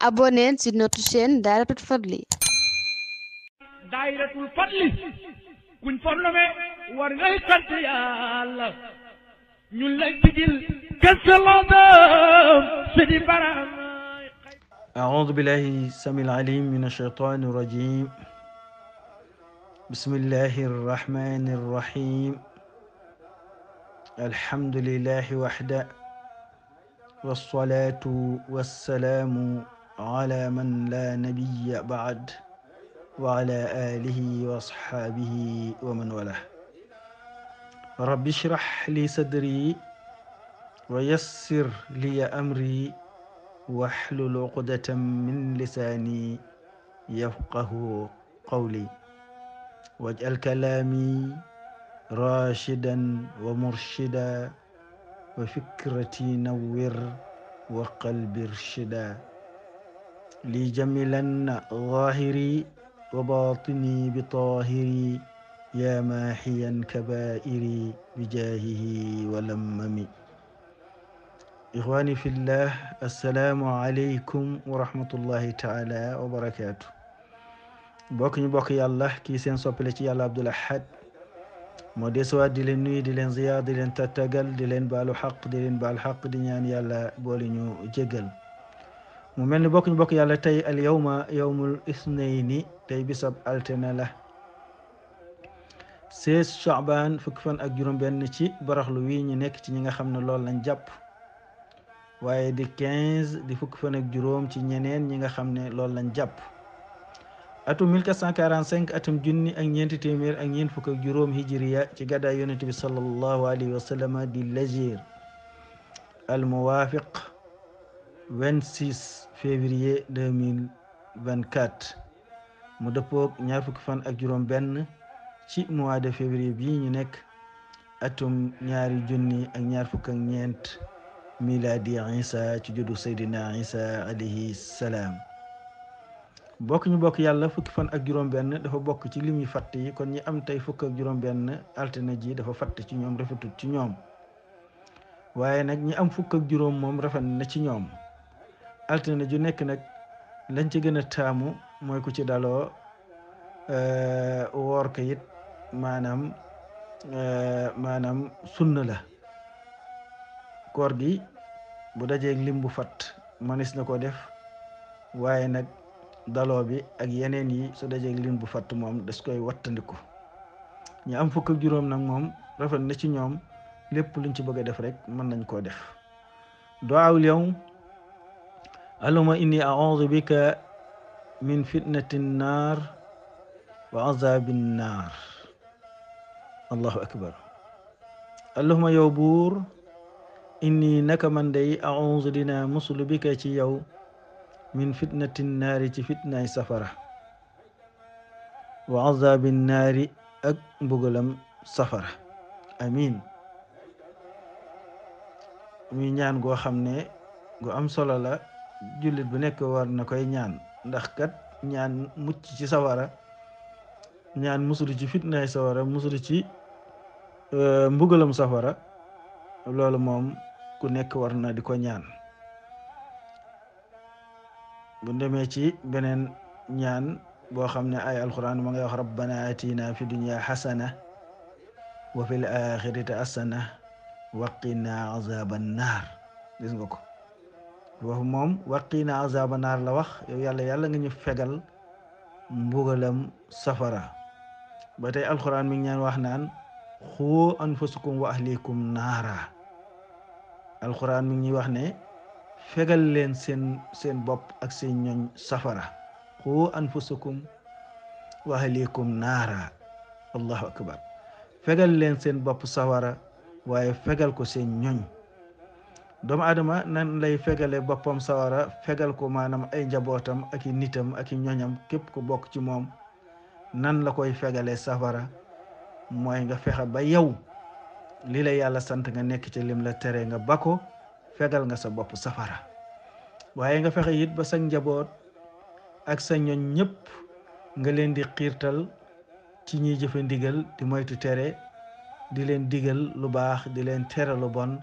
abonnez sur notre chaîne Dahiratoul Fadly Dahiratoul Fadly kuñ fornome war ngay sant yàlla ñun lay tigil kasalada sidi baram أعوذ بالله السميع العليم من الشيطان الرجيم بسم الله الرحمن الرحيم الحمد لله وحده والصلاة والسلام ala man la nabiya baad wa ala alihi wa asxaabihi wa man wala rabbi shrah li sadri wa yassir li amri waxlul uqdatan min lisaani yafqahu qawli waj'al kalaami raashidan wa murshida wa fikrati nawwir wa qalbi irshida li jamilan zahiri wa batini bi tahiri ya maaxiyan kabairi bi jaahihi wa lammami ixwaani fillah assalaamu aleykum wa rahmatullahi taala wa barakaatu bokk ñu bokk yàlla kii seen soppale ci yàlla Abdul Ahad moo desuwaat di leen nuyu di len ziyaar di leen tattagal di leen baalu xaq di leen baal xaq di ñaan yàlla boole ñu jégal mu mel ni bokkuñ bokk yàlla tey al yawma yawmul isnayni tey bisab altine la seize Chaban fan ak juróom benn ci baraxlu wii ñu nekk ci ñi nga xam ne lool lañ jàpp waaye di quinze di fukki fan ak juróom ci ñeneen ñi nga xam ne loolu lañ jàpp atum 1445 atum junni ak ñeenti téeméer ak ñeent fukk ak juróom hijriya ci gàddaay yonent bi sallallahu alayhi di lajir al février deux mille vingt quatre mu dëppoog ñaar fukki fan ak juróom benn ci mois de février bii ñu nekk atum ñaari junni ak ñaar fukk ak ñeent miladi isa ci juddu saydina isa alayhi bokk ñu bokk yàlla fukki fan ak juróom benn dafa bokk ci limuy yi fatt yi kon ñi am tey fukk juróom benn altine ji dafa fatt ci ñoom rafetut ci ñoom waaye nag ñi am fukk juróom moom rafet na ci ñoom altine ju nekk nag lañ ci gën a taamu mooy ku ci daloo eh, woor ko it maanaam eh, maanaam sunna la koor gi bu dajeeg lim bu fat manis na ko def waaye nag daloo bi ak yeneen yi su dajeeg lim bu fatt moom das koy wattandiku ñu am fukk juróom nag moom rafet na ci ñoom lépp luñ ci bëgg a def rek mën nañ koo def doaawul yow allahuma inni audu bika min fitnati nnaar wa azabi nnaar allahu akbar allahuma yow buur inni man day audu dina bika ci yow min fitnati nnaari ci fitnaay safara wa azabi nnaari ak mbugalam safara amin muy ñaan goo xam ne gu am solo la jullit bu nekk war na koy ñaan ndax kat ñaan mucc ci sawara ñaan musulu ci fitnaay sawara musulu ci euh, mbugalam safara loolu moom ku nekk war na di ko ñaan bu demee ci beneen ñaan boo xam ne ay alquran ma ngay wax rabbana atina fi dunya xasana wa fil axirati waqina azaban naar gis nga ko boobu moom waqina azaba naar la wax yow yàlla yàlla nga ñu fegal mbugalam safara ba tey alxuraan mi ngi wax naan xuu anfusukum wa ahlikum naara alxuraan mi ñuy wax ne fegal leen seen seen bopp ak seen ñoñ safara xuu anfusukum wa ahlikum naara allahu akbar fegal leen seen bopp safara waaye fegal ko seen ñoñ doomu aadama nan lay fegale boppam sawara fegal ko maanaam ay njabootam ak i nitam ak i ñoñam képp ku bokk ci moom nan la koy fegalee safara mooy nga fexe ba yow li la yàlla sant nga nekk ci lim la tere nga ba fegal nga sa bopp safara waaye nga fexe it ba sa njaboot ak sa ñoñ ñëpp nga leen di xiirtal ci ñuy jëfe ndigal di moytu tere di leen digal lu baax di leen tere lu bon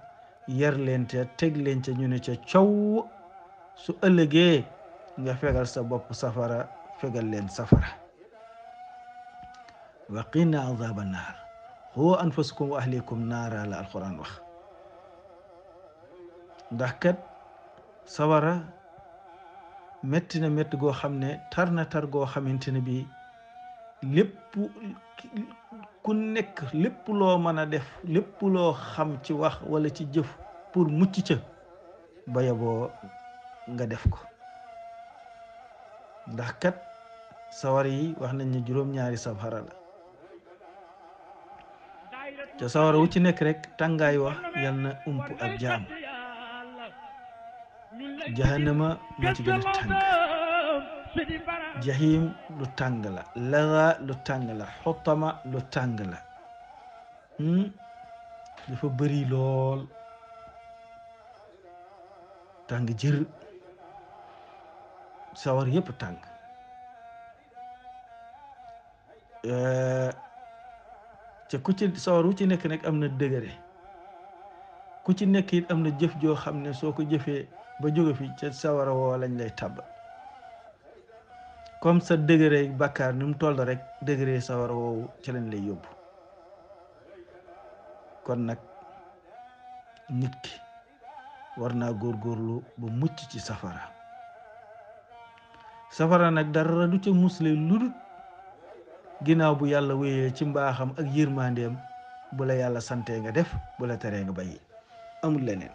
yar leen ca teg leen ca ñu ne ca coow su ëllëgee nga fegal sa bopp safara fegal leen safara wa qina azaba naar xoo anfasukum wa ahlikum naara la alxuraan wax ndax kat sawara metti na métti goo xam ne tar na tar goo xamante ne bi lépp ku nekk lépp loo mën a def lépp loo xam ci wax walla ci jëf pour mucc ca ba yaboo nga def ko ndax kat sawar yi wax nañ ne juróom-ñaari safara la ca sawara wu ci nekk rekk tàngaay wax yal na ump ak jaam jahannama ma ci gën a jahim lu tàng la laga lu tàng la xotama lu tàng la hmm? dafa bëri lool tàng jër sawar yëpp tàng eh, te ku sawar wu ci nekk nag am na dëgëre ku ci nekk it am na jëf joo xam ne soo ko jëfee ba jóge fi ca sawara woo lañ lay tàbb comme sa degré bàkkaar ni mu toll rek degré sawar woowu ci lañ lay yóbbu kon nag nit ki war naa góor góorlu bu mucc ci safara safara nag dara du ca musle lu dul ginnaaw bu yàlla wéyee ci mbaaxam ak yërmandeem bu la yàlla santee nga def bu la teree nga bàyyi amul leneen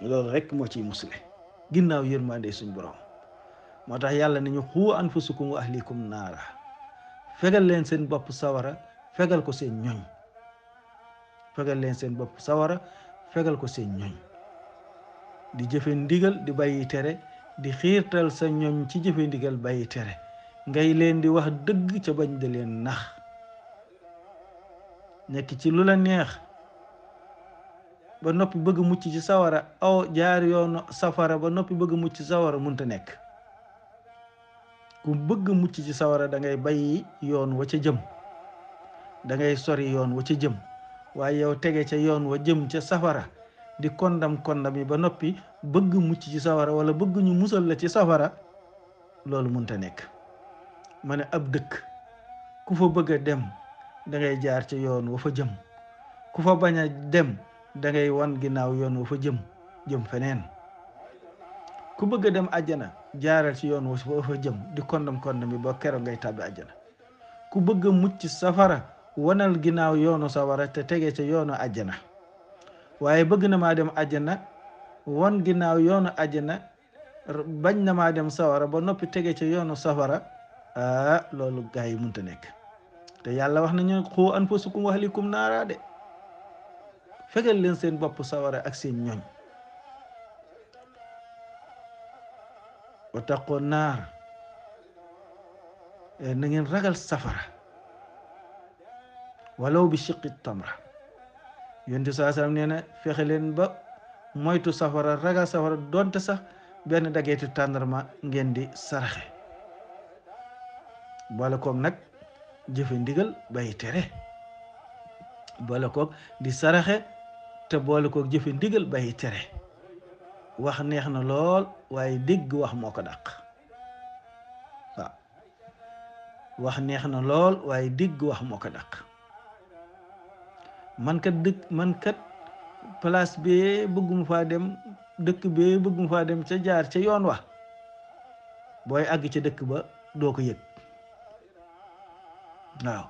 loolu rekk moo ciy musle ginnaaw yërmande suñ borom moo tax yàlla ne ñu xuu anfusukum wa ahlikum naara fegal leen seen bopp sawara fegal ko seen ñoñ fegal leen seen bopp sawara fegal ko seen ñoñ di jëfe ndigal di bàyyi tere di xiirtal sa ñoñ ci jëfe ndigal bàyyi tere ngay leen di wax dëgg ca bañ di leen nax nekk ci lu la neex ba noppi bëgg mucc ci sawara aw jaar yoonu safara ba noppi bëgg mucc ci sawara mënta nekk ku bëgg mucc ci sawara dangay ngay yoon wa ca jëm dangay sori yoon wa ca jëm waaye yow tege ca yoon wa jëm ca safara di kondam kondam yi ba noppi bëgg mucc ci sawara wala bëgg ñu musal la ci safara loolu munta nekk ma ne ab dëkk ku fa bëgg a dem da ngay jaar ca yoon wa fa jëm ku fa bañ a dem dangay wan ginnaaw yoon wa fa jëm jëm feneen ku bëgg dem àjjana jaaral ci yoon wa fa jëm di kondam kondam bi boo keroog ngay tàbbi ajana ku bëgg a mucc safara wanal ginnaaw yoonu safara te tege ca yoonu àjjana waaye bëgg na maa dem àjjana wan ginnaaw yoonu àjjana bañ na maa dem safara ba noppi tege ca yoonu safara ah loolu gaa yi nekk te yàlla wax nañu xu anfusukum wa ahlikum naara de fegal leen seen bopp sawara ak seen ñooñ wa taqoo naar na ngeen ragal safara walaw bi shiqi tamra yonent saa sallam na fexe leen ba moytu safara ragal safara donte sax benn dageetu tàndarma ngeen di saraxe boole koog nag jëfe ndigal bàyyi tere boole koog di saraxe te boole kook jëfe ndigal bàyyi tere wax neex na lool waaye digg wax moo ko dàq waaw wax neex na lool waaye digg wax moo ko dàq man kat dëkk man kat place bee bëgguma faa dem dëkk bee bëggum faa dem ca jaar ca yoon wa booy àgg ca dëkk ba doo ko yëg waaw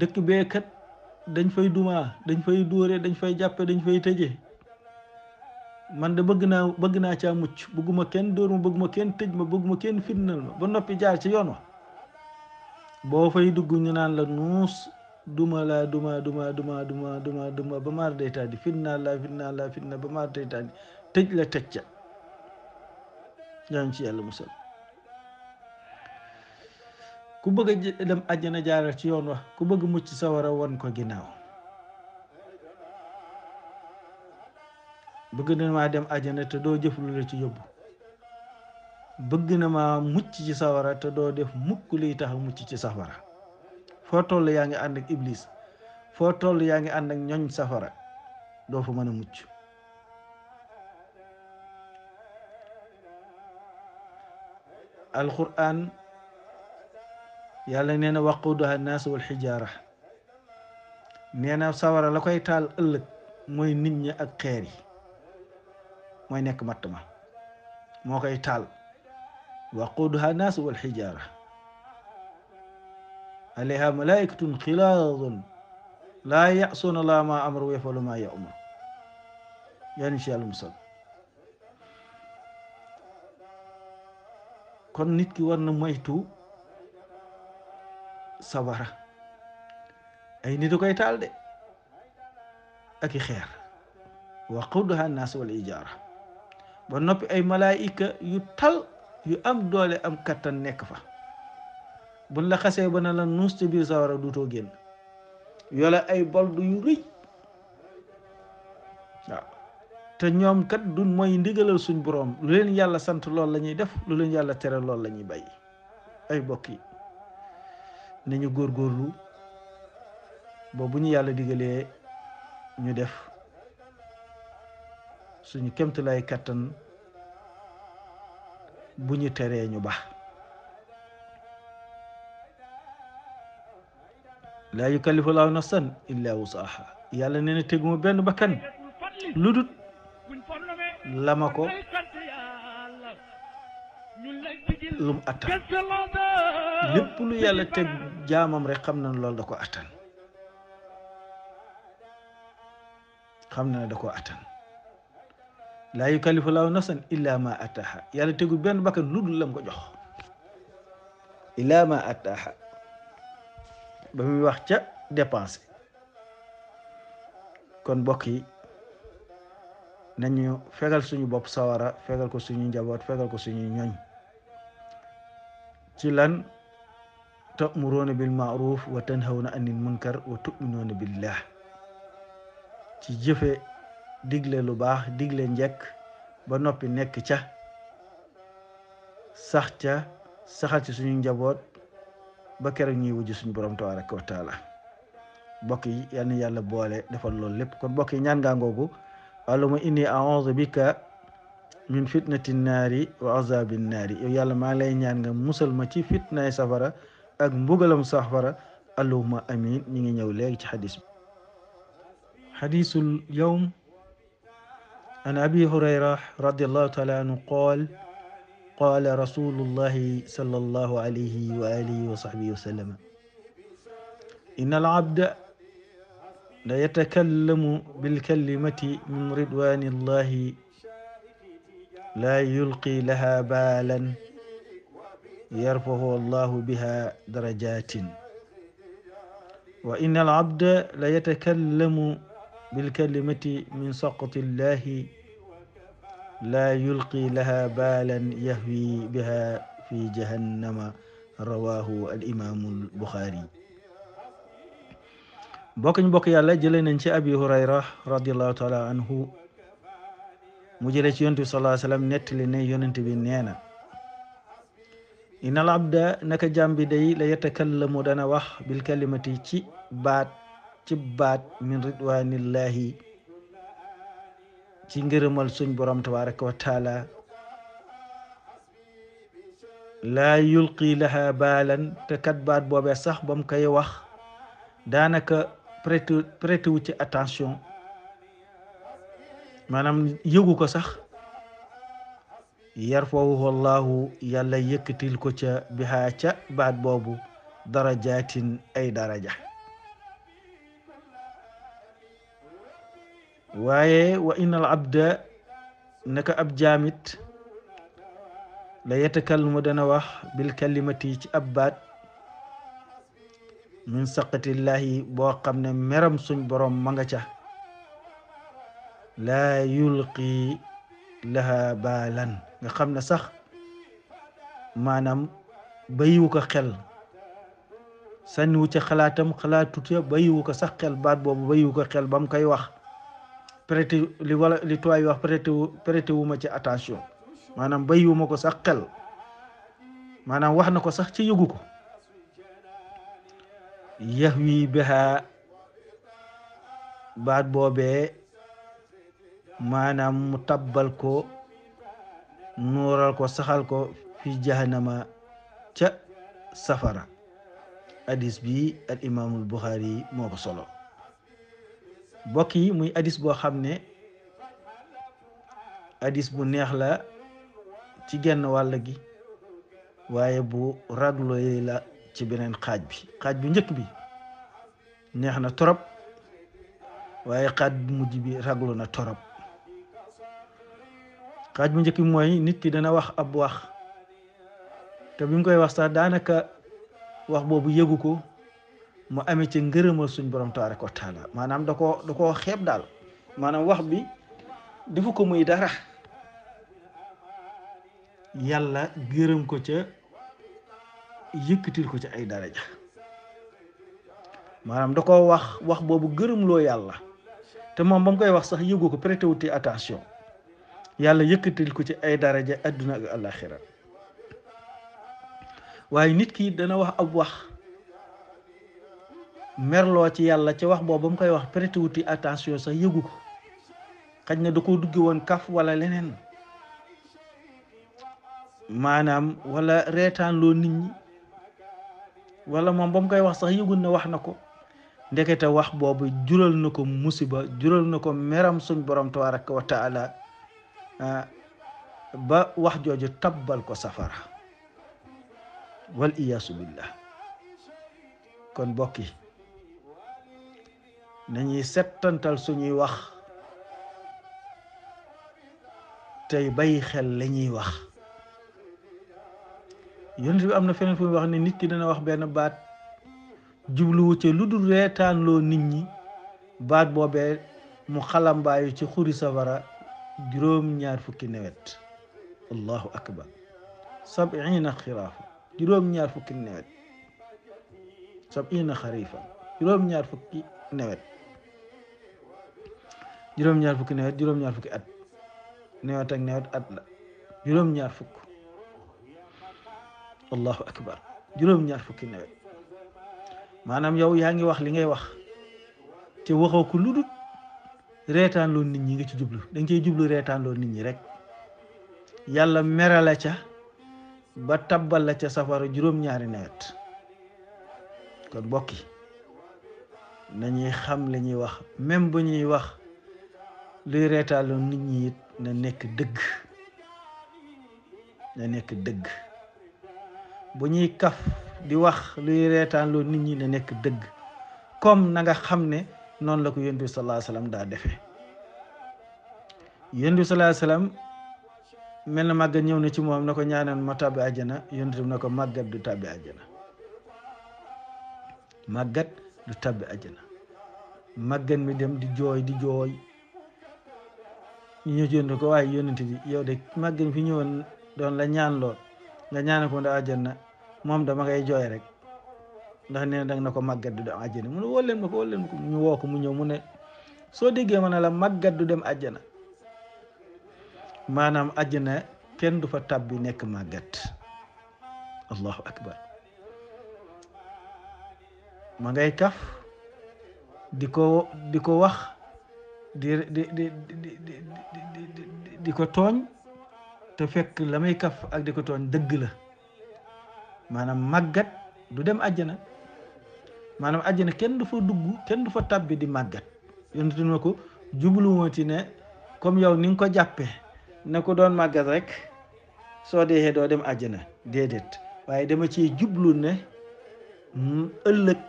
dëkk bee kat dañ fay duma dañ fay dóore dañ fay jàppe dañ fay tëje man de bëgg naa bëgg naa caa mucc bëgguma kenn dóor ma bëgguma kenn tëj ma bëgguma kenn fitnal ma ba noppi jaar ci yoon wa boo dugg ñu naan la nuus duma laa duma duma duma duma duma duma ba maar day taal di fitna laa fitna laa fitna ba maar day taal di tëj la ci bëgg a dem àjjana jaaral ci yoon wa ku bëgg mucc sawara won ko ginnaaw bëgg na maa dem àjjana te doo jëf lu la ci yóbbu bëgg na maa mucc ci sawara te doo def mukk liy tax mucc ci safara foo toll yaa ngi ànd iblis foo toll yaa ngi ànd ak ñoñ safara doo fa mën a mucc alquran yàlla nee na waquduha naas wal xijaara nee sawara la koy taal ëllëg mooy nit ñi ak xeer yi mooy nekk matt ma moo koy taal waquduha naasu wal xijaara alayha malaikatun xilaadun laa yasuuna laa ma amar wa yafalu ma yamar yan ci yàlla musal kon nit ki war na moytu sawara ay nit a koy taal de ak i xeer waquduha naasu wal ijaara ba noppi ay malaayika yu tal yu am doole am kattan nekk fa buñ la xasee ba na la nuus ci biir sawara dutoo génn yoola ay boldu yu rëy te ñoom kat du mooy ndigalal suñ boroom lu leen yàlla sant lool la ñuy def lu leen yàlla tere lool la ñuy bàyyi ay bokk yi nañu góor góorlu bu ñu yàlla digalee ñu def suñu kémtalaay kattan bu ñu teree ñu baax laa yukallifu laahu wusaha yàlla nee na teguma benn bakkan lu dut la ko lum attan lépp lu yàlla teg jaamam rek xam na ne loolu da ko attan xam na ne da ko attan laa yukallifu laahu nafsan illa ma ataaha yàlla tegu benn bakkan lu dul lam ko jox illa ma ataaha ba muy wax ca dépense kon mbokk yi nañu fegal suñu bopp sawara fegal ko suñu njaboot fegal ko suñu ñoñ ci lan ta'muruuna bil ma'ruf wa tanhawna anil munkar wa tu'minuuna billah ci jëfe digle lu baax digle njekk ba noppi nekk ca sax ca saxal ci suñu njaboot ba keroog ñuy wujj suñu borom tabaraka wa taala mbokk yi yal yàlla boole defal loolu lépp kon mbokk yi ñaan ngaa ngoogu allahumma inni a'udhu bika min fitnati naari wa azabi naari yow yàlla maa lay ñaan nga musal ma ci fitnaay safara ak mbugalam safara allahumma amin ñi ngi ñëw léegi ci xadis bi xadisul yawm عن أبي هريرة رضي الله تعالى عنه قال قال رسول الله صلى الله عليه وآله وصحبه وسلم إن العبد لا يتكلم بالكلمة من رضوان الله لا يلقي لها بالا يرفع الله بها درجات وإن العبد لا يتكلم bilkalimati min saqati llahi laa yulqi laha baalan yahwi biha jahannama rawahu alimamu albuxaari bokk ñu bokk yàlla jële nañ ci abi hurayra radiallahu taala mu jële ci yonent bi sallallahu ne yonent naka jàmbi day la yatakallamu dana wax bilkalimati ci baat ci baat min ridwanillahi ci ngërëmal suñ borom tabaraka wa taala laa yulqi laha baalan te kat baat boobe sax ba mu koy wax daanaka prêté prêté wu ci attention maanaam yëgu ko sax yar fawu allahu yàlla yëkkatil ko ca bihaa ca baat boobu darajaatin ay daraja waaye wa innal abda naka ab jaamit la yatakallamu dana wax bil kalimati ci ab baat min saqatillahi boo xam ne meram suñ borom ma nga ca laa yulqi laha baalan nga xam na sax maanaam bayiwu ko xel sànniwu ca xalaatam xalaatute bayiwu ko sax xel baat boobu bayiwu ko xel bam koy wax prêté li wala wax prêté wu prêté wu ci attention maanaam bàyyiwu ma ko sax xel maanaam wax na ko sax ci yëgu ko yahwi biha baat boobee maanaam mu tabbal ko nuural ko saxal ko fi jahannama ca safara hadis bi al imaamul Buxaari moo ko solo bokk yi muy hadis boo xam ne hadis bu neex la ci genn wàll gi waaye bu ragloy la ci beneen xaaj bi xaaj bu njëkk bi neex na torop waaye xaaj bu mujj bi raglu na torop xaaj bu njëkk bi mooy nit ki dana wax ab wax te bi koy wax sax daanaka wax boobu yëgu ko mu amee ci ngërëmal suñ borom tabaaraka wa taala maanaam da koo da koo xeeb daal maanaam wax bi defu ko muy dara yàlla gërëm ko ca yëkkatil ko ci ay daraja maanaam da koo wax wax boobu gërëm loo yàlla te moom ba koy wax sax yëgu ko prêter wuti attention yàlla yëkkatil ko ci ay daraja adduna ak àllaaxira waaye nit ki dana wax ab wax merloo ci yàlla ci wax boobu mu koy wax prêter wuti attention sax yëgu ko na da koo dugge woon kaf wala leneen maanaam wala reetaan loo nit ñi wala moom ba mu koy wax sax yëgul ne wax na ko ndekete wax boobu jural na ko musiba jural na ko meram suñ borom tabaraka wa taala ah, ba wax jooju tabbal ko safara wal iyaasu billah kon bokki nañuy setantal suñuy wax tey bay xel la ñuy wax yonent bi am na feneen fu muy wax ne nit ki dana wax benn baat jubluwu ci lu dul reetaanloo nit ñi baat boobe mu xalambaayu ci xuri safara juróom ñaar fukki newet allahu akbar xarifa juróom ñaar fukki newet juróom-ñaar fukki nawet juróom-ñaar fukki at nawet at la juróom-ñaar fukki nawet maanaam yow yaa ngi wax li ngay wax te waxoo ko lu loo nit ñi ngi ci jublu da nga jublu reetaan loo nit ñi rek yàlla merala ca ba tabbal la ca safara juróom-ñaari nawet kon mbokk yi nañuy xam li ñuy wax même bu ñuy wax luy reetaaloo nit ñi it na nekk dëgg na nekk dëgg bu ñuy kaf di wax luy reetaaloo nit ñi na nekk dëgg comme na nga xam ne noonu la ko yonent bi sallallahu daa defee yonent bi sallallahu alayhi wasallam mel na màggat ñëw na ci moom na ko ñaanal ma tàbbi àjjana yonent bi na ko màggat du tàbbi àjjana màggat du tàbbi àjjana màggat mi dem di jooy di jooy ñu ñëw ci yonent ko waaye yonent bi yow de màggen fi ñëwoon doon la ñaan lool nga ñaane ko ndax àjjana moom dama ngay jooy rek ndax ne na na ko màggat du dem àjjana mu ne woo leen ma ko woo leen ma ko mu ñëw mu ne soo déggee ma ne la màggat du dem àjjana maanaam àjjana kenn du fa tàbbi nekk màggat allahu akbar ma ngay kaf di ko di ko wax di ko tooñ te fekk la may kaf ak di ko tooñ dëgg la maanaam màggat du dem àjjana maanaam àjjana kenn du fa dugg kenn du fa tabbi di màggat yonent na ko jubluwuma ci ne comme yow ni ko jàppee ne ko doon màggat rek soo deexee doo dem àjjana déedéet waaye dama ci jublu ne mm, ëllëg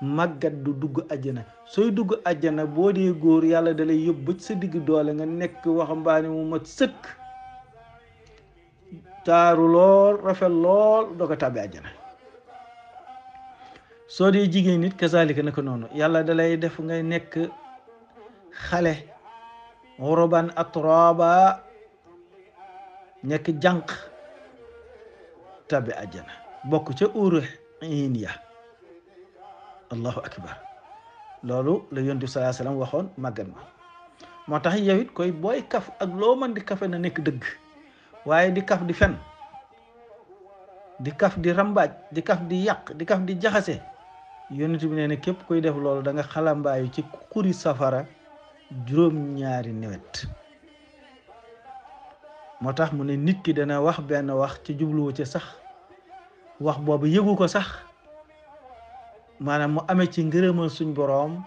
màggat du dugg àjjana sooy dugg àjjana boo dee góor yàlla da lay ba sa digg doole nga nekk waxambaane mu mat sëkk taaru lool rafet lool doo ko tàbbi àjjana soo dee jigéen nit kasaalika naka noonu yàlla dalay def ngay nekk xale woroban atroba nekk jànq tàbbi àjjana bokk ca uuru in ya allahu akbar loolu la yonent bi salaa waxoon màggal ma moo tax yow koy booy kaf ak loo man di kafe na nekk dëgg waaye di kaf di fen di kaf di rambaaj di kaf di yàq di kaf di jaxase yonent bi nee képp kuy def loolu danga nga xalambaayu ci kuri safara juróom-ñaari nawet moo tax mu ne nit ki dana wax benn wax ci jubluwu ci sax wax boobu yëgu ko sax maanaam mu amee ci ngërëmal suñ boroom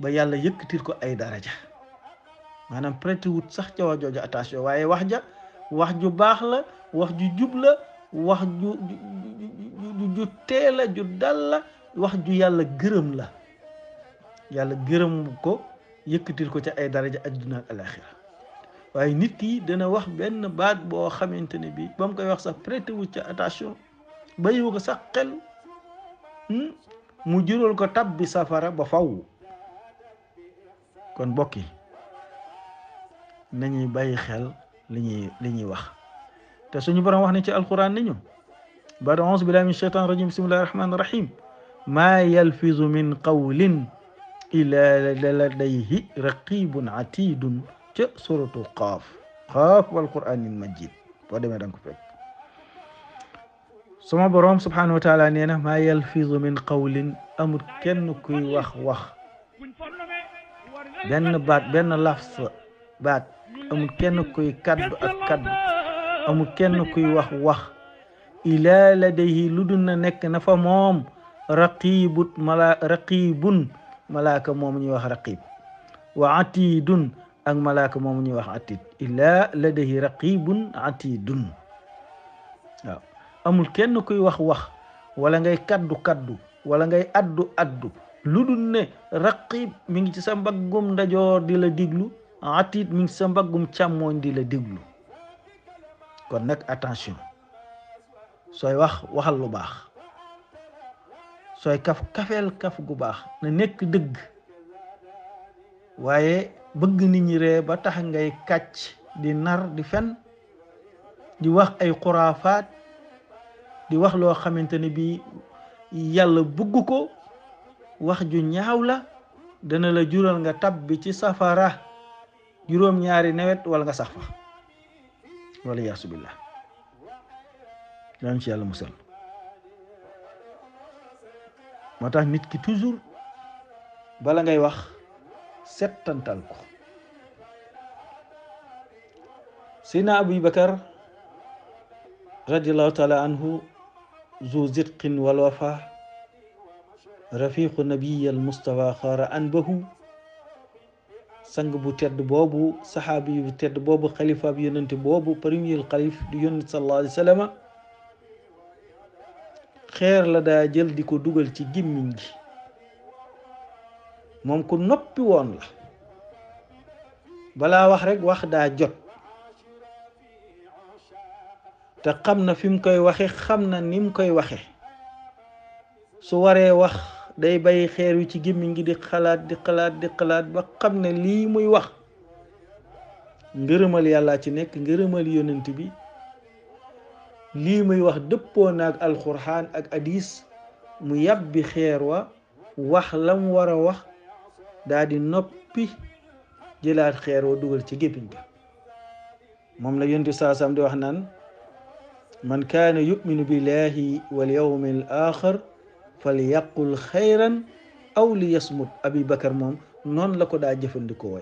ba yàlla yëkkatil ko ay daraja maanaam prêté wut sax ca wax jooju attention waaye wax ja wax ju baax la wax ju jub la wax ju ju ju tee la ju dal la wax ju yàlla gërëm la yàlla gërëm ko yëkkatil ko ca ay daraja adduna ak alaxira waaye nit ki dana wax benn baat boo xamante ne bi bam koy wax sax prêté wut ca attention bàyyiwu ko sax xel Hmm? mu jural ko tabbi safara ba faw kon bokki nañuy bàyyi xel li ñuy li ñuy wax te suñu borom wax ne ci alquran ni ñu baada auzu billahi min shaitan rajim bismillahi rahmani rahim maa yalfizu min qawlin illa ladayhi raqibun atidun ca suratu qaaf qaaf wal qur'anil majid boo demee danga ko fekk sama boroom subhaanahu wa taala nee na maa yalfizu min qawlin amul kenn kuy wax wax benn baat benn lafs baat amul kenn kuy kaddu ak kaddu kenn kuy wax wax ilaa ladayhi lu na nekk na fa moom raqibut mala raqibun malaaka moomu ñuy wax raqib wa atidun ak malaaka moomu ñuy wax atid ilaa ladayhi raqibun atidun amul kenn kuy wax wax walla ngay kaddu kaddu wala ngay addu addu lu dul ne raqib mu ngi ci sa mbaggum ndajoor di la diglu atit mi ngi ci sa mbaggum càmmooñ di la diglu kon nag attention sooy wax waxal lu baax sooy kaf kafeel kaf gu baax na nekk dëgg waaye bëgg ni ñi ree ba tax ngay kàcc di nar di fen di wax ay xuraafaat di wax loo xamante ne bi yàlla bugg ko wax ju ñaaw la dana la jural nga tab bi ci safara juróom-ñaari nawet wala nga sax fa wala yaasubillah daan ci yàlla musal moo tax nit ki toujours bala ngay wax settantal ko Seydina Abu Bakar radiallahu taala anhu zu zitqin wal wafa rafiqu nabiyal mustafa xaara an sang bu tedd boobu saxaabi bu tedd boobu xalifaab yonente boobu premier xalif di yonent sallallahu alayhi wa sallam la daa jël di ko dugal ci gémmiñ gi moom ku noppi woon la balaa wax rekk wax daa jot te xam na fi mu koy waxe xam na ni mu koy waxe su waree wax day bàyyi xeer wi ci gémmiñ gi di xalaat di xalaat di xalaat ba xam ne lii muy wax ngërëmal yàlla ci nekk ngërëmal yonent bi lii muy wax dëppoo naag alxuraan ak hadis mu yàbbi xeer wa wax la mu war a wax daldi di noppi jëlaat xeer wa dugal ci gémmiñ ga moom la yonent saasam di wax naan man kaana yuminu billahi wal yawmi al axar fal yaqul xayran aw li yasmut abi moom noonu la ko daa jëfandikoo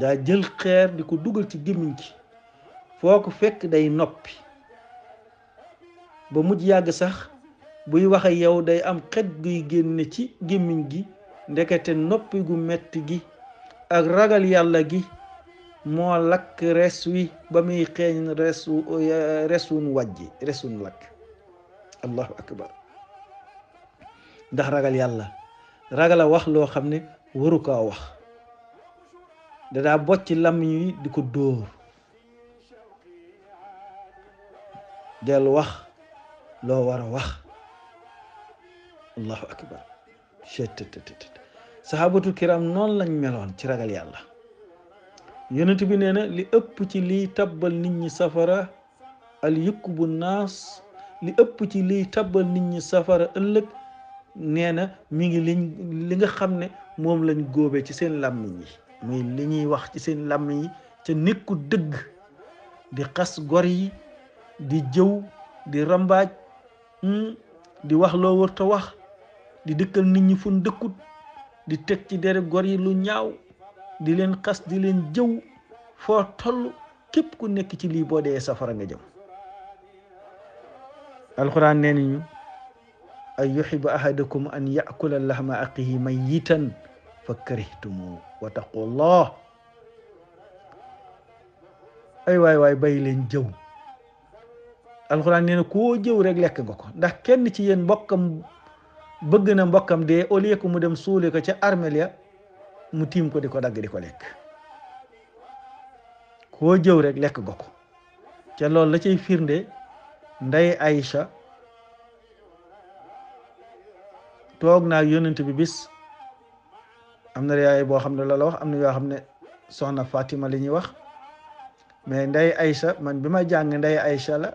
daa jël xeer di ko dugal ci gémmiñ gi foo ko fekk day noppi ba mujj yàgg sax buy waxe yow day am xet guy génne ci gémmiñ gi ndekete noppi gu metti gi ak ragal yàlla gi moo lakk res wi ba muy xeeñ resu eh, resuñ wàjji resuñ lakk allahu akbar ndax ragal yàlla ragala wax loo xam ne waru kaa wax dadaa bocc làmmiñ wi di ko dóor del wax loo war a wax allahu akbar chettt sahabatul kiram noonu lañ meloon ci ragal yàlla yonent bi nee na li ëpp ci liy tabbal nit ñi safara al yukbu naas li ëpp ci liy tabbal nit ñi safara ëllëg nee na mi ngi li nga xam ne moom lañ góobee ci seen làmmiñ yi muy li ñuy wax ci seen làmmiñ yi ca nekku dëgg di xas gor yi di jëw di rambaaj hmm, di wax loo wër wax di dëkkal nit ñi fun dëkkut di teg ci dere gor yi lu ñaaw di leen kas di leen jëw foo toll képp ku nekk ci lii boo dee safara nga jëm alquran nee nañu ay yuxibu ahadakum an yakula lahma aqihi mayitan fa karihtumu wa taqullah ay waay waay bàyyi leen jëw alxuraan nee na koo jëw rek lekk nga ko ndax kenn ci yéen mbokkam bëgg na mbokkam dee au lieu mu dem suule ko ca armeel ya mu tiim ko di ko dagg di lekk koo jëw rek lekk nga ko ca loolu la cay firnde nday Aïcha toog naa yonent bi bis am na yaay boo xam ne loola wax am na yoo xam ne soxna Fatima li ñuy wax mais nday Aïcha man bi ma jàng ndey Aïcha la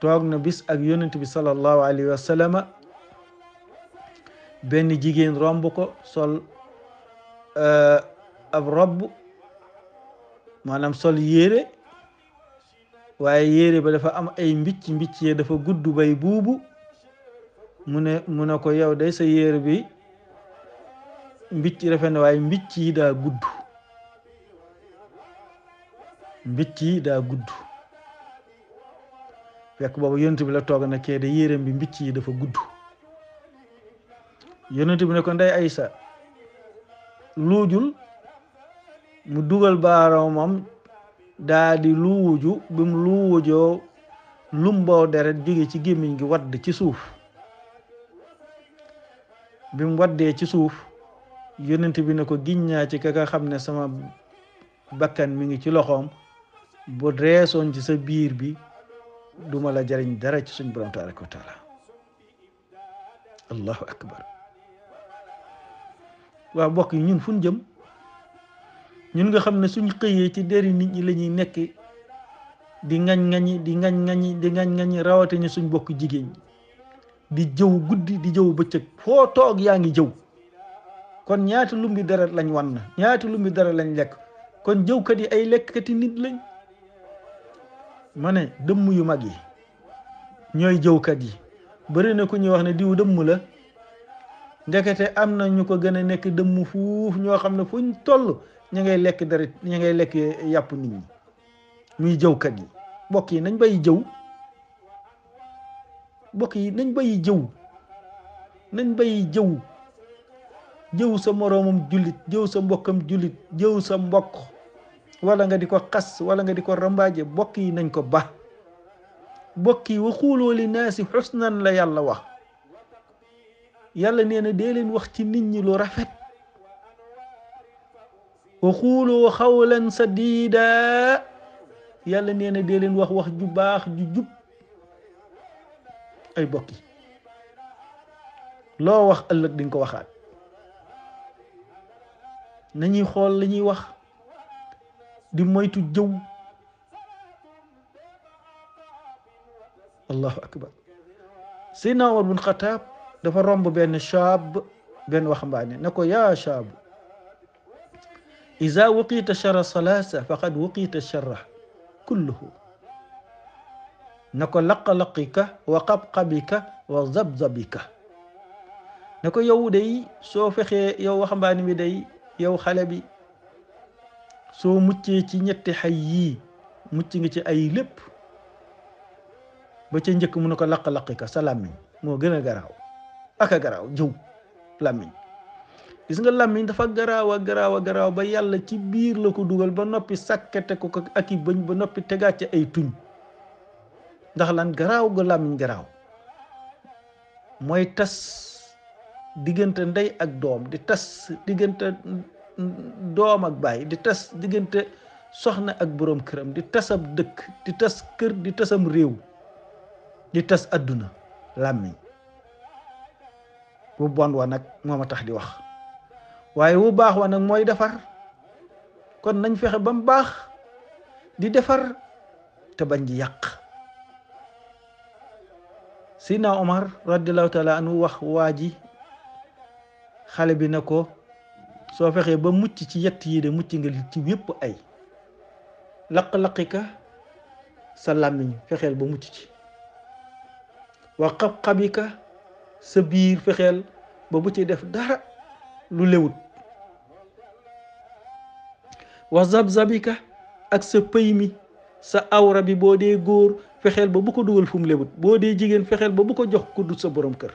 toog na bis ak yonent bi sallallahu alayhi wa benn jigéen romb ko sol euh, ab robb maanaam sol yére waaye yére ba dafa am ay mbicc mbicc yee dafa gudd bay buubu mu ne mu ne ko yow day sa yére bi mbicc rafet na waaye mbicc yi daa gudd mbicc yi daa gudd fekk boobu yonent bi la toog na kee yére yéreem bi mbicc yi dafa gudd yonent bi ne ko ndey Aysa luujul mu dugal baaraamam daa di luuju bi luujoo lumboo deret jóge ci gémmiñ gi wadd ci suuf bi mu waddee ci suuf yonent bi na ko giññaa ci ka nga xam ne sama bakkan mi ngi ci loxoom bo reesoon ci sa biir bi dumala jariñ dara ci suñ borom tabaraka wa taala waaw mbokk yi ñun fu jëm ñun nga xam ne suñ xëyee ci deri nit ñi lañuy ñuy nekk di ngañ ngañi di ngañ ngañi di ngañ ngañi rawatina suñ bokk jigéen di jëw guddi di jëw bëccëg foo toog yaa ngi jëw kon ñaata lumbi derat lañ wan na ñaata lumbi dara lañ lekk kon jëwkat yi ay lekkati nit lañ ma ne dëmm yu mag yi ñooy jëwkat yi bëri na ku ñuy wax ne diw dëmm la ndekete am na ñu ko gën a nekk dëmm fuuf ñoo xam ne fuñ toll ñu ngay lekk deret ñu ngay lekk yàpp nit ñi muy jëwkat yi mbokk yi nañ bàyyi jëw mbokk yi nañ bàyyi jëw nañ bàyyi jëw jëw sa moroomam jullit jëw sa mbokkam jullit jëw sa mbokk walla nga di ko xas wala nga di ko rambaaje mbokk yi nañ ko ba mbokk yi waxuuloo li naasi xusnan la yàlla wax yàlla nee na dee wax ci nit ñi lu rafet wa xuulu xawlan sadida yàlla nee na dee wax wax ju baax ju jub ay bokki loo wax ëllëg di nga ko waxaat nañuy xool la ñuy wax di moytu jëw allahu akbar Seydina Omar bun Xataab dafa romb benn shaab benn waxambaane ne ko yaa shaabu iza wuqiita charra salaasa faqad wuqiita charra kulluhu na ko laq-laqika wa qab-qabika wa zab-zabika na ko yow day soo fexee yow waxambaane bi day yow xale bi soo muccee ci ñetti xay yii mucc nga ci ay lépp ba ca njëkk mu na ko laq-laqika sa làmmiñ moo gën a garaaw ak a garaaw jëw làmmiñ gis nga làmmiñ dafa garaaw a garaaw a ba yàlla ci biir la ko dugal ba noppi sàkkete ko ko ak i bëñ ba noppi tegaat ci ay tuñ ndax lan garaaw ga làmmiñ garaaw mooy tas diggante ndey ak doom di tas diggante doom ak baay di tas diggante soxna ak boroom këram di tas dëkk di tas kër di tasam réew di tas àdduna làmmiñ wu bon wa nag moom a tax di wax waaye wu baax wa nag mooy defar kon nañ fexe ba mu baax di defar te bañ di yàq sidna Omar radiallahu taala wax waa ji xale bi na ko soo fexee ba mucc ci yett yii de mucc nga ci yépp ay laq-laqika sa làmmiñ fexeel ba mucc ci wa xab-xabika sa biir fexeel ba bu ci def dara lu lewut wa zabzabika ak sa pëy mi sa awra bi boo dee góor fexeel ba bu ko dugal fu lewut boo dee jigéen fexeel ba bu ko jox ku sa boroom kër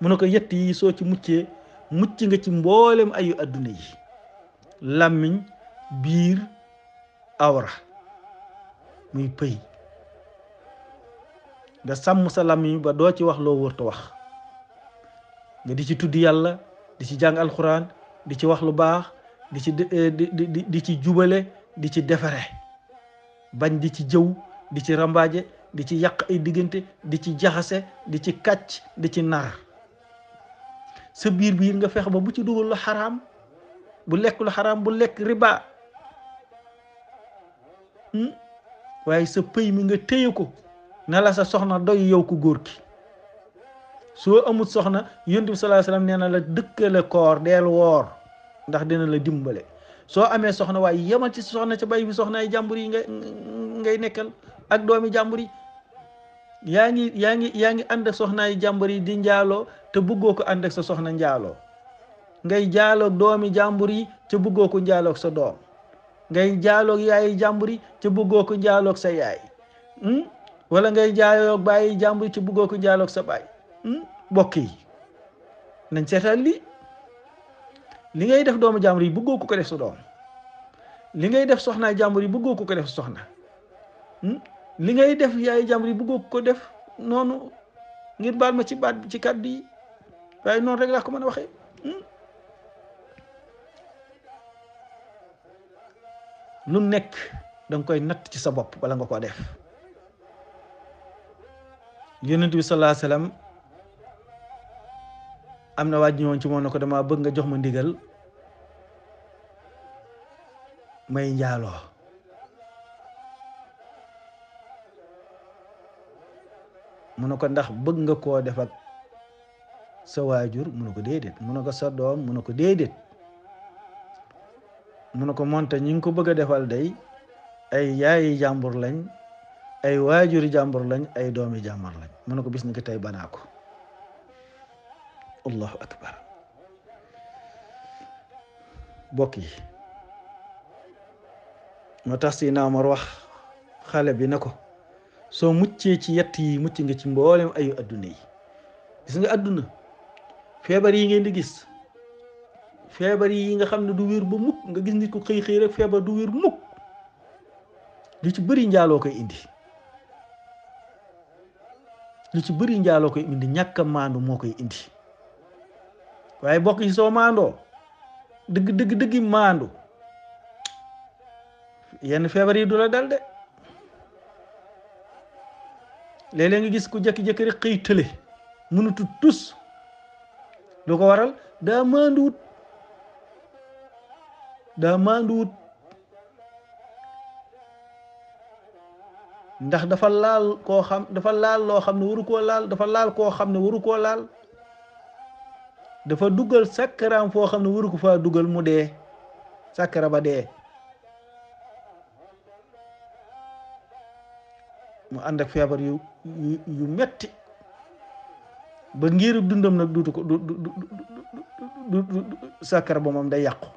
mu ne ko yett yi soo ci muccee mucc nga ci mboolem ayu adduna yi làmmiñ biir awra muy pëy nga sàmm sa làmmiñ ba doo ci wax loo wërta wax nga di ci tudd yàlla di ci jàng alxuraan di ci wax lu baax di ci di di ci jubale di ci defare bañ di ci jëw di ci rambaaje di ci yàq ay diggante di ci jaxase di ci kàcc di ci nar sa biir biir nga fex ba bu ci dugal lu xaraam bu lekk lu xaraam bu lekk riba waaye sa pëy mi nga téye ko ne la sa soxna doy yow ku góor ki soo amut soxna yonent bi sallallahu alayhi wasallam nee na la dëkkale koor deel woor ndax dina la dimbale soo amee soxna waaye yemal ci soxna ca bay bi soxna ay yi ngay ngay nekkal ak doomi jàmbur yi yaa ngi yaa yaa ngi ànd soxna ay jàmbur yi di njaaloo te bëggoo ko ànd sa soxna njaaloo ngay jaaloo doomi jàmbur yi ca buggoo ko njaaloog sa doom ngay jaaloog yaayi jàmbur yi ca buggoo ko njaaloog sa yaay hmm? wala ngay jaayoo bàyyi jàmbur ci buggoo ko sa baay hmm? mbokk yi nañ seetaan lii li ngay def doomu jàmbur yi buggoo ko def sa doom li ngay def soxnaay jàmbur yi buggoo ko def sa soxna hmm? li ngay def yaay jàmbur yi buggoo ko def noonu ngir baal ma ci baat bi ci kàddu yi waaye noonu rek laa ko mën a waxee hmm? lu nekk danga koy natt ci sa bopp bala nga koo def yonent bi sallallahu alayhi am na waaj ñëwoon ci na ko dama bëgg nga jox ma ndigal may njaaloo mun ne ko ndax bëgg nga koo def sa waajur mu ne ko déedéet mun ne ko sa doom mu ne ko déedéet mun ne ko monta ñi ngi ko bëgg a defal day ay yaayi jàmbur lañ ay waajuri jàmbur lañ ay doomi jàmbur lañ mu ne ko bis ni ko tey banaa ko allahu akbar bokk yi moo tax si naa mar wax xale bi ne ko soo muccee ci yett yi mucc nga ci mboolem ay adduna yi gis nga adduna feebar yi ngeen di gis feebar yi nga xam ne du wér ba mukk nga gis nit ku xëy xëy rek feebar du wér mukk li ci bëri njaaloo koy indi lu ci bëri njaaloo koy indi ñàkk a maandu moo koy indi waaye bokk yi soo maandoo dëgg dëgg dëggi maandu yenn feebar yi du la dal de léeg-léeg gis ku jékki-jékki rek xëy tële mënutu tus lu ko waral daa maanduwut daa maanduwut ndax dafa laal koo xam dafa laal loo xam ne waru koo laal dafa laal koo xam ne waru koo laal dafa dugal sàkkaraam foo xam ne waru ko faa dugal mu dee sàkkara ba dee mu ànd ak feebar yu yu metti ba ngir dundam nag duutu ko du du sàkkara ba moom day yàqu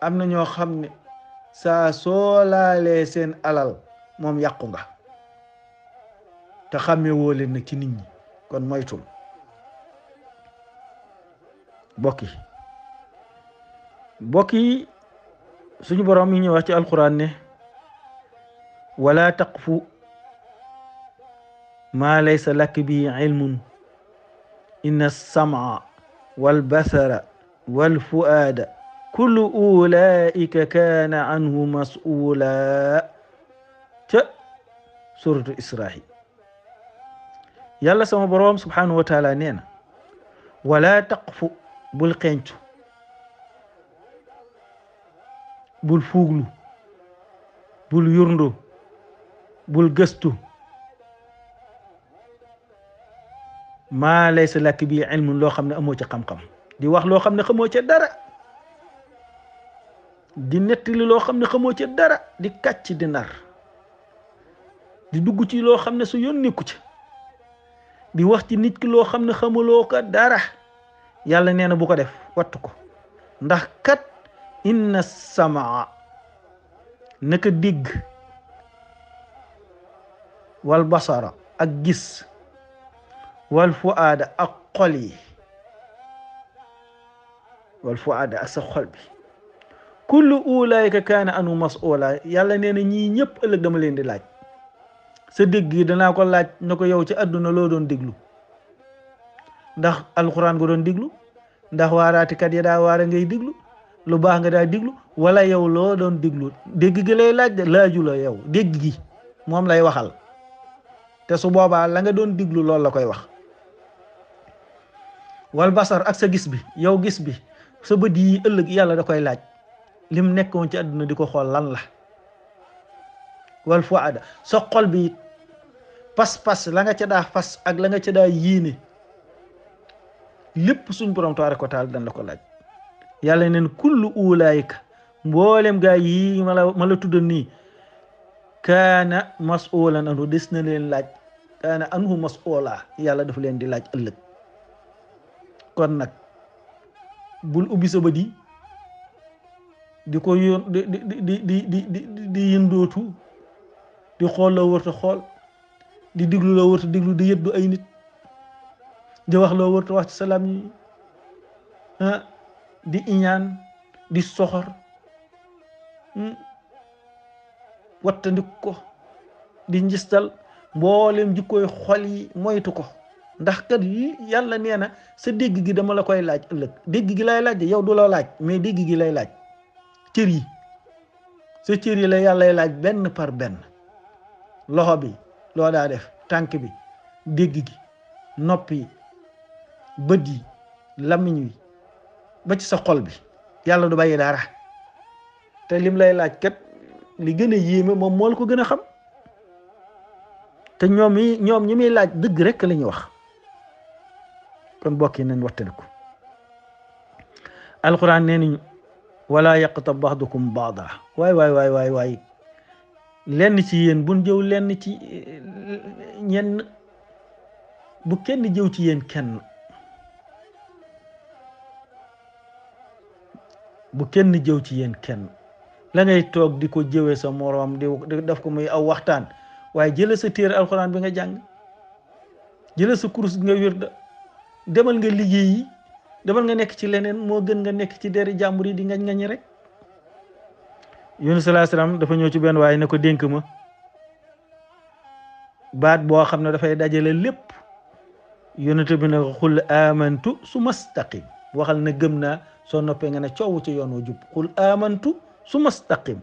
am na ñoo xam ne saa soo laalee seen alal moom yàqu nga te xàmmewoo leen ci nit ñi kon moytul bokki bokki suñu borom mi ñuy wax ci alquran ne wala taqfu maa laysa lakk bi ilmun inna sam'a wal basara wal fu'aada kullu ulaika anhu mas'ula suratu israhi yàlla sama boroom subhanahu wa taala nee na wala taqfu bul xencu bul fuuglu bul yurndu bul gëstu maa laysa làkk bii ilmun loo xam ne amoo ca xam di wax loo xam ne xamoo ca dara di nettali loo xam ne xamoo ca dara di kàcc di nar di dugg ci loo xam ne su yoon nekku ci di waxti ci nit ki loo xam ne xamuloo ko dara yàlla nee na bu ko def wattu ko ndax kat inna samaa naka digg wal basara ak gis wal fuaada ak xol yi wal fuaada ak sa xol bi kullu ulaayka kaana anu masula yàlla nee na ñii ñëpp ëllëg dama leen di laaj sa dégg gi danaa ko laaj na ko yow ci àdduna loo doon diglu ndax alxuraan nga doon déglu ndax waaraatikat ya daa waara ngay diglu lu baax nga daa déglu wala yow loo doon déglu dégg lay laaj laaju la yow dégg gi moom lay waxal te su boobaa la nga doon déglu loolu la koy wax wal basar ak sa gis bi yow gis bi sa bët yi ëllëg yàlla da koy laaj lim nekkoon ci àdduna di ko xool lan la wal fuada sa xol bi pas-pas la nga ca daa fas ak la nga ca daa yéene lépp suñ borom tabaraka wa dan la ko laaj yàlla neen kullu ulaayika mboolem gaa yi ma la ma la tuddal nii kaana masulan des na leen laaj kaana anhu masula yàlla dafa leen di laaj ëllëg kon nag bul ubbi sa di ko yoon di di di di di di di xool la wërta xool di diglu loo wërta diglu di yëddu ay nit di wax loo wërta wax ci salaam ah, yi di iñaan di soxor hmm, wattandik ko di njistal mboolem jikkooy xol yi moytu ko ndax kat yi yàlla nee na sa dégg gi dama la koy laaj ëllëg dégg gi lay laaj de yow du la laaj mais dégg gi lay laaj cër yi sa cër yi la yàllay laaj benn par benn loxo bi loo daa def tànk bi dégg gi nopp bët yi lamiñ wi ba sa xol bi yàlla du bàyyi dara te lim lay laaj kat li gën a yéeme moom mool ko gën a xam te ñoom ñoom ñi muy laaj dëgg rek la ñuy wax kon bokk yi nañ wattandiku alquran nee nañu wala yaqtab baxdukum baada waay waay waay waay waay lenn ci yéen buñ jëw lenn ci ñenn bu kenn jëw ci yéen kenn bu kenn jëw ci yéen kenn la ngay toog di ko jëwee sa moroom di def ko muy aw waxtaan waaye jële sa téere alxuraan bi nga jàng jële sa kurus bi nga wirda demal nga liggéey yi demal nga nekk ci leneen moo gën nga nekk ci deri jàmbur yi di ngañ ngañ rek Yunus alayhi salaam dafa ñëw ci benn waaye na ko dénk ma baat boo xam ne dafay dajale lépp yonent bi ne ko xul amantu su mastaqim waxal na gëm naa soo noppee nga ne coow ci yoon wu amantu su mastaqim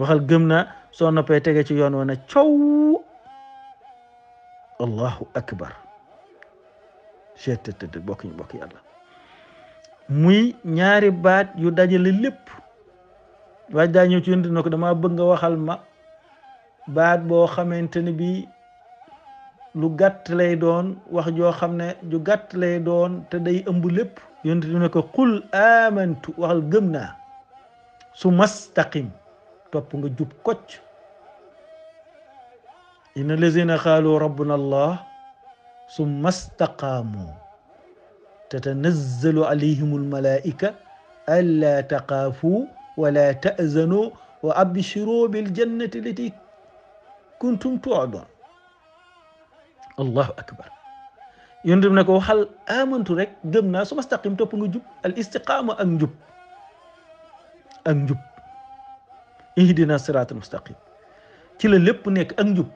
waxal gëm naa soo noppee tege ci yoon wa ne coow allahu akbar bokk ñu bokk muy ñaari baat yu dajale lépp waaj daa ñëw ci yonent na ko damaa bëgg nga waxal ma baat boo xamante ni bii lu gàtt lay doon wax joo xam ne ju gàtt lay doon te day ëmb lépp yonent bi amantu waxal gëm naa su mastaqim topp nga jub kocc inna lazina qaalu rabbuna allah summa tete tatanazzalu alayhim almalaika alla taqaafuu wala tazanu wa abshiru biljannati lati kuntum tuadun allahu akbar yonent bi ne ko waxal amantu rek gëm naa su mastaqim topp nga jub al istiqaama ak njub ak njub ihdina sirat al mustaqim ci la lépp nekk ak njub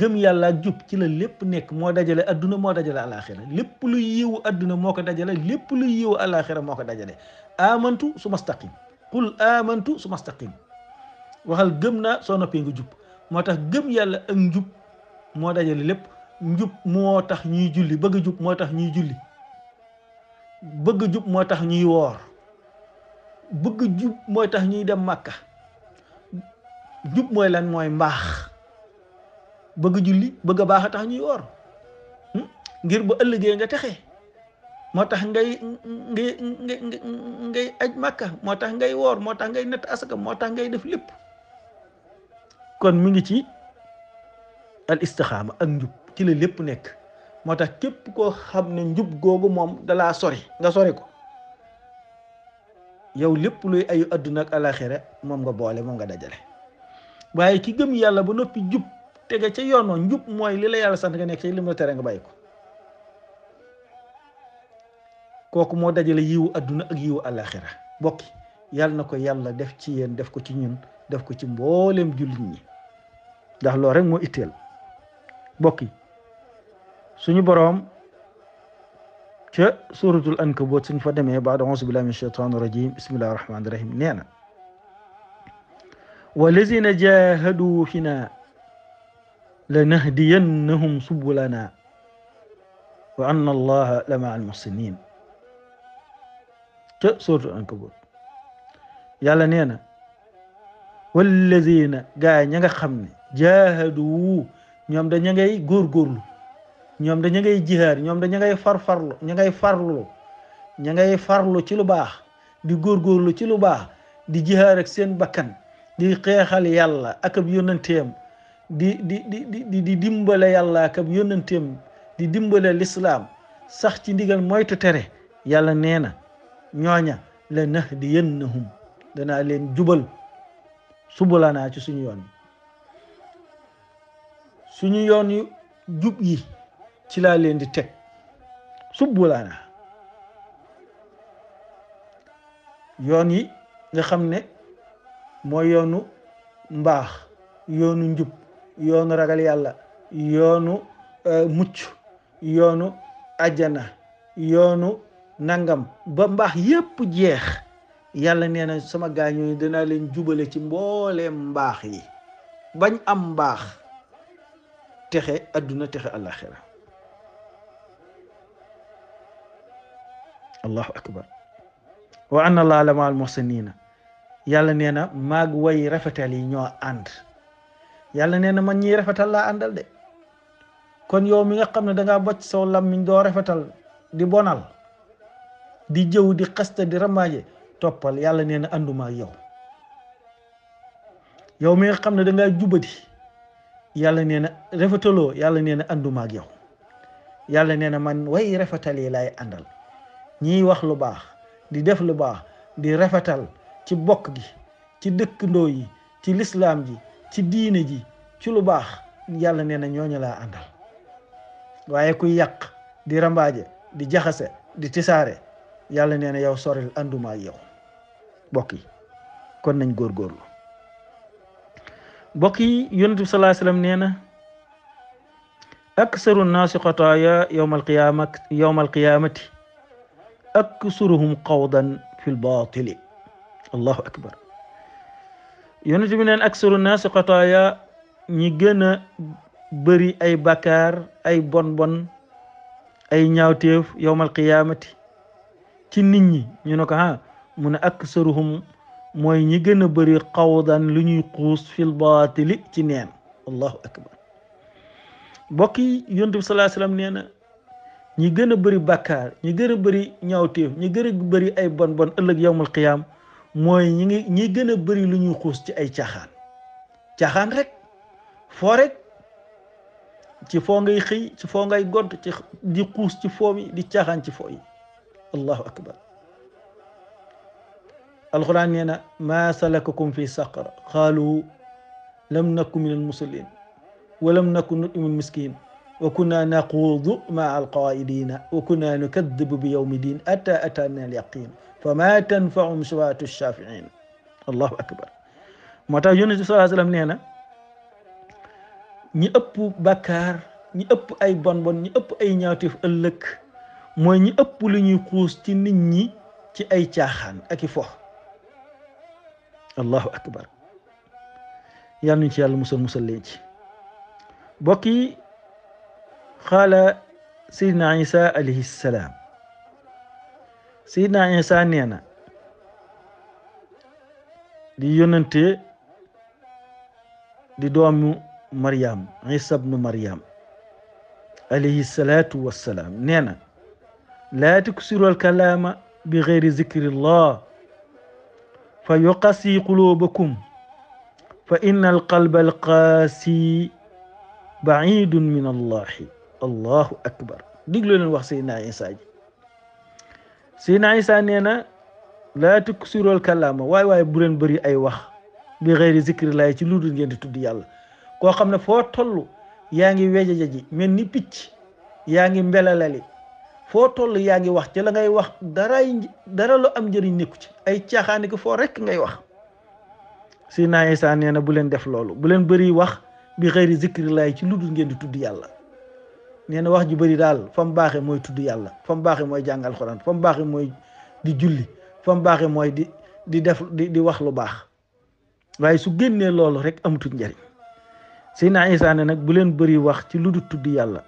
gëm yàlla ak jub ci la lépp nekk moo dajale adduna moo dajale alaxira lépp lu yiwu adduna moo ko dajale lépp lu yiwu alaxira moo ko dajale amantu su mastaqim qul amantu su mastaqim waxal gëm naa soo noppee nga jub moo tax gëm yàlla ak njub moo dajale lépp njub moo tax ñuy julli bëgg jub moo tax ñuy julli bëgg a jub moo tax ñuy woor bëgg a mooy tax ñuy dem màkka jub mooy lan mooy mbaax bëgg julli bëgg a baax a tax ñuy woor hmm? ngir bu ëllëgee nga texe moo tax ngay ngay ngay ngay aj màkka moo tax ngay woor moo tax ngay nett asaka moo tax ngay def lépp kon mu ngi ci al istixaama ak njub ci la lépp nekk moo tax képp ko xam ne njub googu moom dalaa sori nga sori ko yow lépp luy ayu adduna ak alaxira moom nga boole moom nga dajale waaye ki gëm yàlla ba noppi jub tege ca yoonoo njub mooy li la yàlla sant nga nekk ci li mu tere nga bàyyi ko kooku moo dajale yiwu adduna ak yiwu àllaaxira bokki yàlla na ko yàlla def ci yéen def ko ci ñun def ko ci mbooleem jullit ñi ndax loolu rek moo itteel bokki suñu boroom ca suratul ankabut suñ fa demee baada auzu billahi min shaytani rajim bismillahi rahmani rahim nee na walazina jahadu fina lanahdiyannahum subulana wa anna allaha la maa almuhsinin ca sóotu ankabut yàlla nee na wallazina gaa ña nga xam ne jaahadu ñoom da ña ngay góorgóorlu ñoom da ña ngay jihaar ñoom da ña ngay farfarlu ña ngay farlu ña ngay farlu ci lu baax di góorgóorlu ci lu baax di jihaar ak seen bakkan di xeexal yàlla ak ab yónnanteem di di di di di dimbale yàlla ak di dimbale lislaam sax ci ndigal moytu tere yàlla nee na ñooña la nahdiyannahum danaa leen jubal subulanaa ci suñu yoon suñu yoon yu jub yi ci laa leen di teg subulanaa yoon yi nga xam ne mooy yoonu mbaax yoonu njub yoonu ragal yàlla yoonu euh, mucc yoonu ajjana yoonu nangam ba mbaax yépp jeex yàlla nee na sama gaañooñu dinaa leen jubale ci mbooleem mbaax yi bañ am mbaax texe adduna texe alaxira allahu akbar wa anna allaha la maal muhsinina yàlla nee na maag way rafetal yi ñoo ànd yàlla nee na man ñiy rafetal laa àndal kon yow mi nga xam ne da ngaa bocc saw lammiñ doo rafetal di bonal di jëw di xasta di ramaaje toppal yàlla nee na ànduma ak yow yow mi xam ne dangaa jubadi yàlla nee yàlla nee na yow yàlla nee na man way rafetal yi laay àndal ñiy wax lu baax di def lu baax di rafetal ci bokk gi ci dëkkandoo yi ci lislaam ji ci diine ji ci lu baax yàlla nee na ñooñu laa àndal waaye kuy yàq di rambaaje di jaxase di tisaare yàlla nee na yow soril ànduma ak yow mbokk yi kon nañ góorgóorlu mbokk yi yonent bi sallallahu alayhi wasallam nee na aksaru nnaasi xataaya yowmal qiyaama yowmal qiyaamati aksuruhum qawdan fil baatili allahu akbar yonent bi neen aksaru nnaasi xataaya ñi gën a ay bakkaar ay bon bon ay ñaawteef yowmal qiyaamati ci nit ñi ñu ne ko ah mu ne aksaruhum mooy ñi gën a bëri xawdan lu ñuy xuus fil baatili ci neen allahu akbar mbokk yi yonent bi sallallahu nee na ñi gën a bëri bàkkaar ñi gën a bëri ñaawteef ñi gën a bari ay bon bon ëllëg yawmal qiyaam mooy ñi ngi ñi gën a bari lu ñuy xuus ci ay caaxaan caaxaan rek foo rek ci foo ngay xëy ci foo ngay gont ci di xuus ci foo di caaxaan ci foo yi allahu akbar alquran nee na maa salakakum fi saqar qaalu lam naku min almusallin wa lam naku nutimu almiskin wa kunna naquudu maa alqaa'idina wa kunna nukaddibu bi yawmi din ata ataana alyaqin fa ma tanfaum shafaatu shaafiin allahu akbar moo tax yonent bi sallallahu alayhi wasallam nee na ñi ëpp bàkkaar ñi ëpp ay bon bon ñi ëpp ay ñaawteef ëllëg mooy ñi ëpp li ñuy xuus ci nit ñi ci ay caaxaan ak i fox allahu akbar yal nañ ci yàlla musal musal leen ci bokk yi xaala sayidna isa alayhi salaam sayidna isa nee na di yónnante di doomu mariam isa bnu mariam alayhi salaatu wassalaam nee na laa tuksiru alkalaama bi geyri zikrillah fa yuqasi quluubakum fa inna alqalba alqaasi baidun min allahi allahu akbar diglu leen wax Seydina Isa ji Seydina Isa nee na laa tuksiru alkalaama waay waay bu leen bëri ay wax bi geyri zikrillah ci lu dul ngeen di tudd yàlla koo xam ne foo yaa ngi wejajaji mel ni picc yaa ngi mbelalali foo toll yaa ngi wax ci ngay wax daray dara lu am njëriñ nekku ci ay caaxaani ko foo rekk ngay wax si naa Isaa nee na bu leen def loolu bu leen bëri wax bi xëyri zikrillaay ci lu dul ngeen di tudd yàlla nee na wax ji bari daal fa mu baaxee mooy tudd yàlla fa mu baaxee mooy jàngal xuraan fa mu baaxee mooy di julli fa mu baaxee mooy di di def di di wax lu baax waaye su génnee loolu rek amatul njëriñ si naa Isaa ne nag bu leen bëri wax ci lu dul tudd yàlla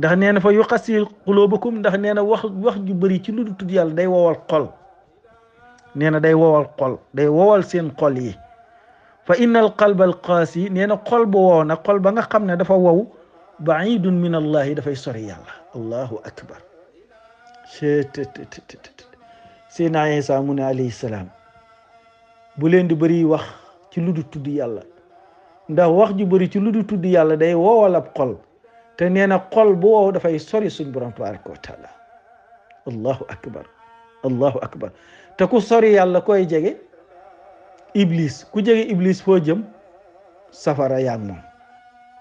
ndax nee na fa yu xasi xuloobakum ndax nee na wax wax ju bëri ci lu dul tudd yàlla day wowal xol nee na day wowal xol day wowal seen xol yi fa inna al qalba al qaasi nee na xol bu wow na xol ba nga xam ne dafa wow baidun min allahi dafay sori yàlla allahu akbar seydina Iisaa mu ne alayhi salaam bu leen di bëri wax ci lu dul tudd yàlla ndax wax ju bëri ci lu dul tudd yàlla day wowal ab xol te nee na xol bu wow dafay sori suñ borom tabaraka wa taala allahu akbar te ku sori yàlla koy jege iblis ku jege iblis foo jëm safara yaag moom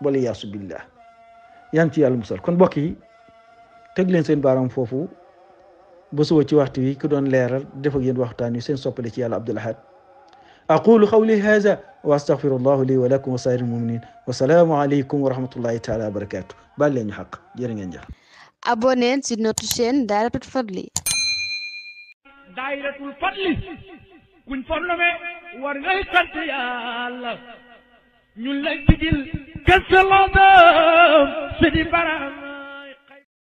wala yaasu billah yan ci yàlla musal kon mbokk yi teg leen seen baaram foofu ba suba ci waxtu wi ku doon leeral def ak yéen waxtaan wi seen soppale ci yàlla Abdoul Ahad aqulu qawli hadha wa astaghfirullahu li wa lakum wa sairil muminin wasalaamu aleykum wa rahmatullahi taala wa barakatu baal leen ñu xaq jërë ngeen jëf abonnez sur notre chaîne Dahiratoul Fadly Dahiratoul Fadly kuñ fornome war ngay sant yàlla ñun lay digil kese la dem sidi baram